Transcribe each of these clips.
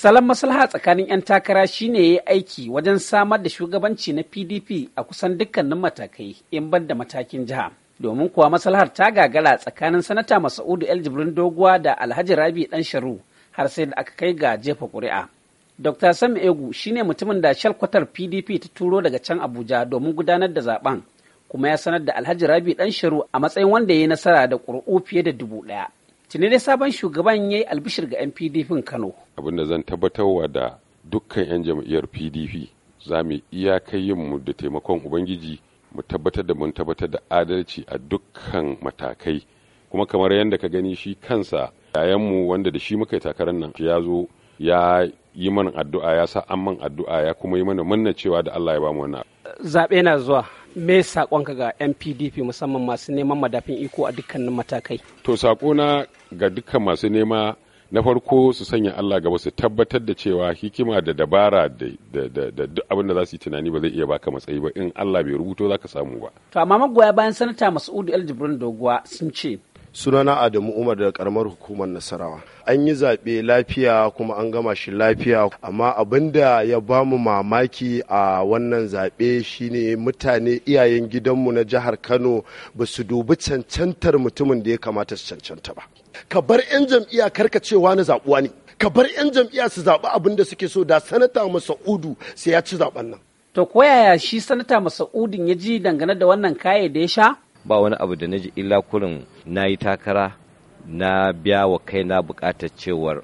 Salon maslaha tsakanin 'yan takara shine ya yi aiki wajen samar da shugabanci na PDP a kusan dukkanin matakai in ban da matakin jiha. Domin kuwa maslahar ta gagara tsakanin sanata Masa'udu El Jibrin Doguwa da Alhaji Rabi Dan Sharu har sai da aka kai ga jefa ƙuri'a. Dr. Sam Egu shine mutumin da shalkwatar PDP ta turo daga can Abuja domin gudanar da zaben kuma ya sanar da Alhaji Rabi Dan Sharu a matsayin wanda ya yi nasara da ƙuri'u fiye da dubu ɗaya. Tuni dai sabon shugaban ya yi albishir ga 'yan PDP Kano. Abin da zan tabbatarwa da dukkan 'yan jam'iyyar PDP za mu kai yin mu da taimakon Ubangiji mu tabbatar da mun tabbatar da adalci a dukkan matakai. Kuma kamar yadda ka gani shi kansa mu wanda da shi muka yi takarar nan ya zo ya yi mana addu'a ya sa an man addu'a ya kuma yi mana manna cewa da Allah ya ba mu wannan. Zaɓe na zuwa. me saƙonka ga mpdp musamman masu neman madafin iko a dukkanin matakai? To na ga dukkan masu nema na farko su sanya Allah gaba su tabbatar da cewa hikima da dabara da duk abin da za su yi tunani ba zai iya baka matsayi ba in Allah bai rubuto za ka samu ba. To amma magoya bayan sanata Mas'udu El Jibrin Doguwa sun ce sunana adamu umar da karamar hukumar nasarawa an yi zaɓe lafiya kuma an gama shi lafiya amma abin da ya ba mu mamaki a wannan zaɓe shine mutane iyayen gidanmu na jihar kano ba su dubi cancantar mutumin da ya kamata su cancanta ba ka bar 'yan jam'iyya cewa na zaɓuwa ne ka bar 'yan jam'iyya su zaɓi abin da suke so da sanata masa'udu sai ya ci zaɓen nan to koyaya shi sanata masa'udin ya ji dangane da wannan kaye da ya sha ba wani abu da na ji illa kurin na yi takara na biya wa kaina bukatar cewar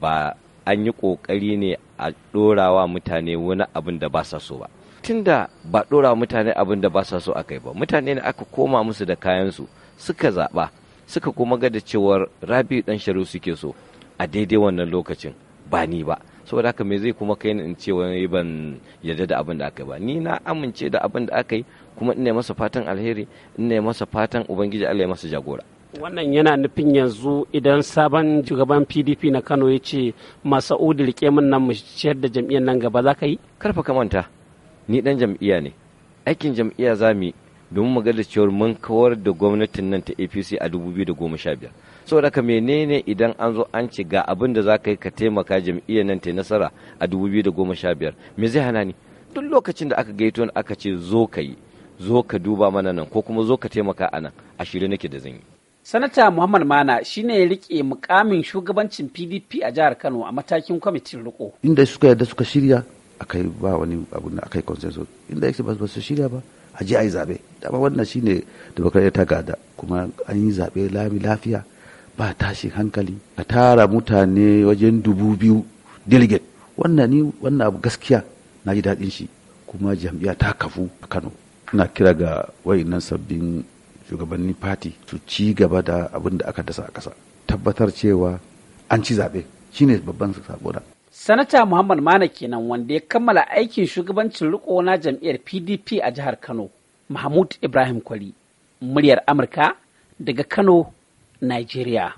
ba an yi ƙoƙari ne a dorawa mutane wani abin da ba sa so ba tunda ba dorawa mutane abin da ba sa so aka yi ba mutane ne aka koma musu da kayansu suka zaɓa suka kuma ga da cewar rabi dan sharu suke so a daidai wannan lokacin ba ni ba saboda haka me zai kuma kai ni in ce wani ban yarda da abin da aka yi ba ni na amince da abin da aka yi kuma ina masa fatan alheri ina masa fatan ubangiji Allah ya masa jagora wannan yana nufin yanzu idan sabon shugaban pdp na kano ya ce masa'udu rike min nan mu ciyar da jam'iyyar nan gaba za ka yi karfa kamanta ni dan jam'iyya ne aikin jam'iyya za mu domin magana cewar mun kawar da gwamnatin nan ta apc a 2015 saboda ka menene idan an zo an ce ga abin da za ka yi ka taimaka jam'iyyar nan ta nasara a 2015 me zai hana ni duk lokacin da aka gaito ni aka ce zo ka yi zo ka duba mana nan ko kuma zo ka taimaka a nan a shirye nake da zan yi sanata muhammad mana shine ya rike mukamin shugabancin pdp a jihar kano a matakin kwamitin riko inda suka yarda suka shirya akai ba wani abu da akai consensus inda yake ba su shirya ba a je a yi zaɓe dama wannan shine demokradiyya ta gada kuma an yi zaɓe lami lafiya ba tashi hankali a tara mutane wajen dubu biyu delegate wannan ni wannan abu gaskiya na ji daɗin shi kuma jam'iyya ta kafu a kano ina kira ga wayannan sabbin shugabannin fati su ci gaba da abin da aka dasa a ƙasa tabbatar cewa an ci zaɓe shine babban sabo Sanata Muhammad Mana kenan wanda ya kammala aikin shugabancin riko na jam'iyyar PDP a jihar Kano, Mahmud Ibrahim Kwari, muryar Amurka daga Kano, Nigeria.